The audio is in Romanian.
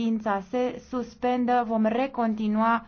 ședința se suspendă, vom recontinua